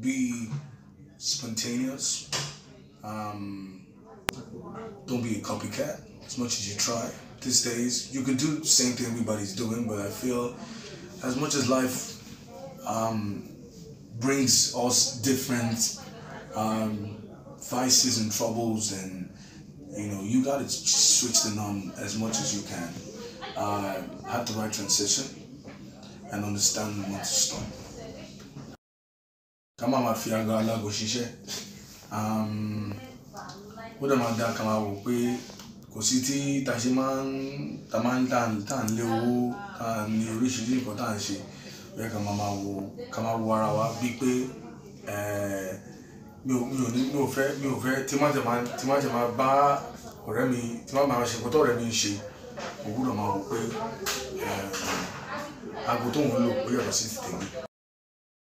be spontaneous. Um, don't be a copycat as much as you try. These days, you can do the same thing everybody's doing, but I feel as much as life um, brings us different um, vices and troubles, and you know, you gotta switch the norm as much as you can. Uh, have the right transition and understand when to stop. ká má máa fi aago aláago ṣiṣẹ́ um, ó dẹ̀ máa dáa ká máa wò pé kò sí tí ta ṣe máa ń ta máa ń tà tá ń lé owó tá ní oríṣiríṣi nǹkan tá ń ṣe ó ká máa wò ká máa wo ara wa bíi pé mi ò mi ò ní mi ò fẹ́ mi ò fẹ́ tí má tẹ̀ máa tí má tẹ̀ máa bá ọ̀rẹ́ mi tí má máa ṣe nǹkan ọ̀rẹ́ mi ń ṣe mo gbúdọ̀ máa wò pé aago tóun lò ó yàtọ̀ sí tèmi.